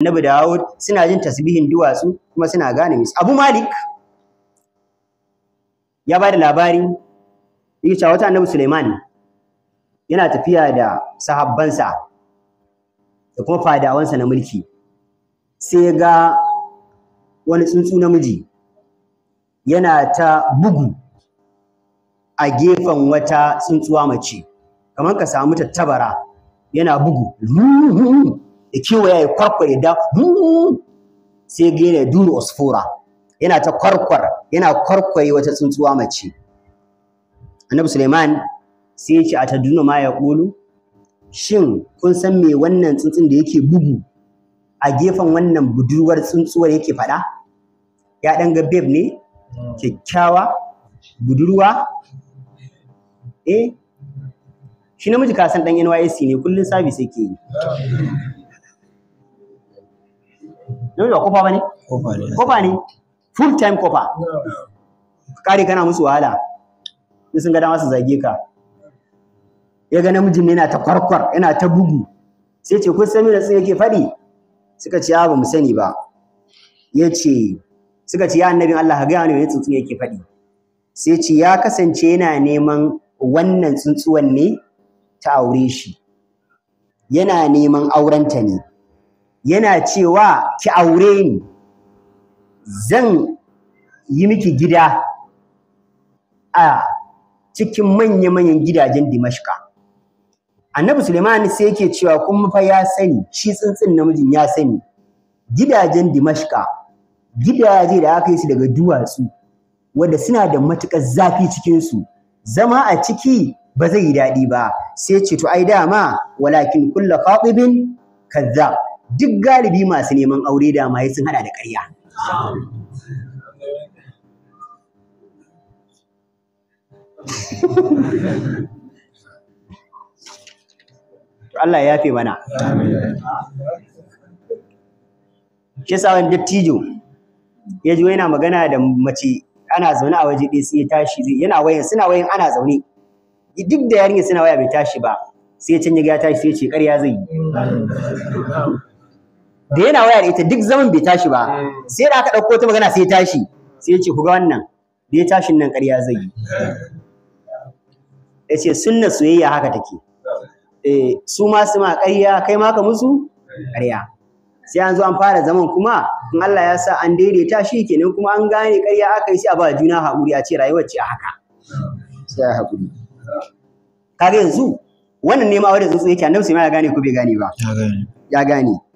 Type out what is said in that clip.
Annabi Dawud suna jin tasbihin duwatsu kuma suna gane mis. Abu Malik ya ba da labari yake cewa wata Annabi Suleiman yana tafiya da sahabbansa da kuma fadawansa na mulki sai ya ga wani tsuntsu namiji yana ta bugu a gefen wata tsuntsuwa mace kamar ka samu tattabara yana bugu ya kewaya ya kwarkware da sai ga duru osfora yana ta kwarkwar yana kwarkware wata tsuntsuwa mace annabi suleiman sai ya ce a taduna ma ya ƙulu shin kun san me wannan tsuntsun da yake bugu a gefen wannan budurwar tsuntsuwar yake faɗa ya ɗan ga babe ne kyakkyawa budurwa eh shi namiji ka san ɗan NYSC ne kullum sabis yake yi yau yau kofa bane kofa ne full time kofa kare kana musu wahala ni sun ga dama su zage ka ya ga namijin ne yana ta kwarkwar yana ta bugu sai ce kun sani da sun yake faɗi suka ce ya ba mu sani ba ya ce suka ce ya annabin Allah ga ne tsuntsu yake faɗi sai ce ya kasance yana neman wannan tsuntsuwan ne ta aure shi yana neman aurenta ne yana cewa ki aure ni zan yi miki gida a cikin manya-manyan gidajen dimashka annabi suleiman sai yake cewa kun fa ya sani shi tsintsin namijin ya sani gidajen dimashka gidaje da aka yi su daga duwatsu wanda suna da matuƙar zafi cikinsu zama a ciki ba zai yi daɗi ba sai ce to ai dama walakin kulla khatibin kazzab duk galibi masu neman aure da maye sun hada da ƙarya Allah ya fi mana. Shi sa wani dattijo ya ji yana magana da mace ana zaune a waje ɗaya sai ya tashi yana wayan suna wayan ana zaune duk da yarinya suna waya bai tashi ba sai ya canja ya tashi sai ya ce ƙarya zai yi. da yana waya da ita duk zaman bai tashi ba hmm. sai da aka ɗauko ta magana sai tashi sai ya ce ku ga wannan da ya tashin nan ƙarya zai yi ya ce sunna soyayya haka take eh su ma su ma ƙarya kai ma ka musu ƙarya sai an zo an fara zaman kuma in Allah ya sa an daidaita shi kenan kuma an gane ƙarya aka yi sai a ba juna haƙuri a ce rayuwar ce a haka sai a haƙuri kaga yanzu wannan ne ma wanda tsuntsu yake annabi sai ma ya gane ko bai gane ba ya gane